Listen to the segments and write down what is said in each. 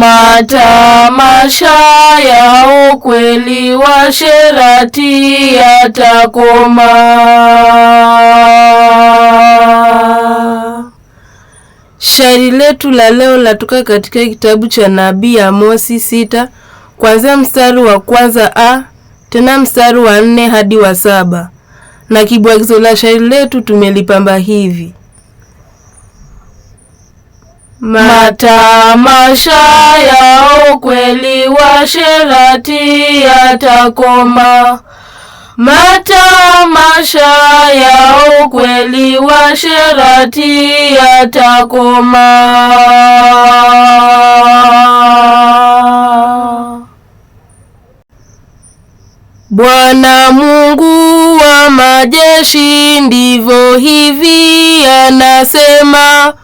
Matamasha ya ukweli wa sherati yatakoma. Shairi letu la leo latoka katika kitabu cha nabii Amosi sita kuanzia mstari wa kwanza a tena mstari wa nne hadi wa saba na kibwagizo la shairi letu tumelipamba hivi Matamasha ya ukweli washerati yatakoma. Matamasha ya ukweli washerati yatakoma. Bwana Mungu wa majeshi ndivyo hivi anasema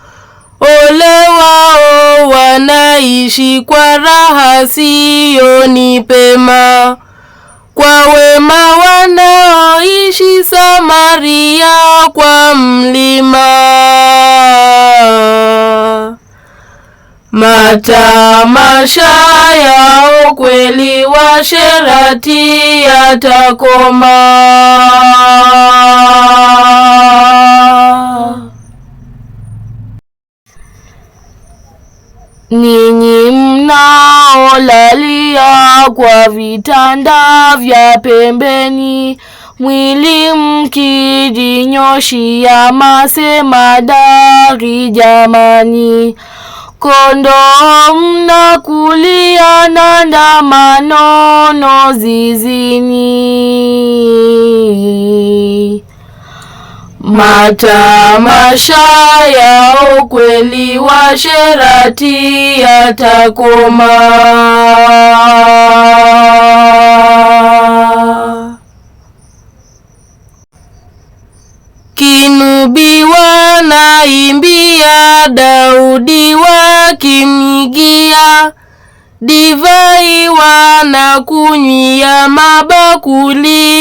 Ole wao wanaishi kwa raha, siyo ni pema kwa wema wanaoishi Samaria kwa mlima. Matamasha yao kweli, washerati yatakoma. Ninyi mnaolalia kwa vitanda vya pembeni, mwili mkijinyoshia masemadari, jamani! Kondoo mnakulia na ndama nono zizini. Matamasha ya ukweli wa sherati yatakoma. Kinubi wanaimbia, Daudi wakimigia divai wanakunywia,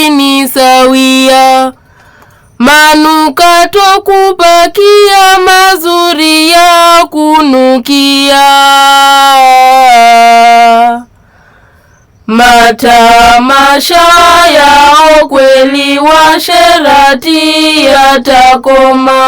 ni sawia manukato kupakia mazuri ya kunukia matamasha yao kweli washerati yatakoma.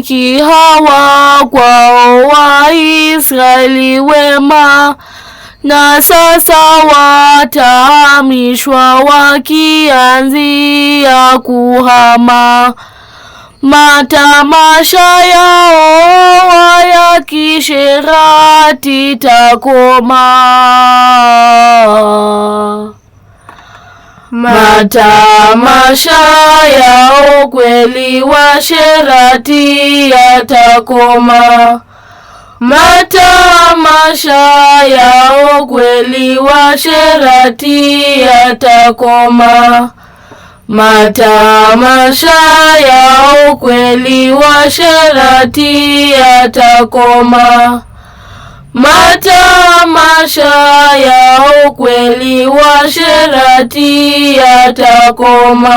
nchi hawa kwao Waisraeli wema, na sasa watahamishwa wakianzia kuhama. Matamasha yao ya kisherati takoma. Matamasha ya ukweli washerati yatakoma. Matamasha ya ukweli washerati yatakoma. Matamasha ya ukweli washerati yatakoma. Matamasha ya ukweli wakati atakoma.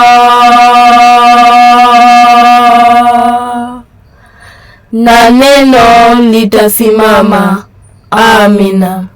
Na neno litasimama. Amina.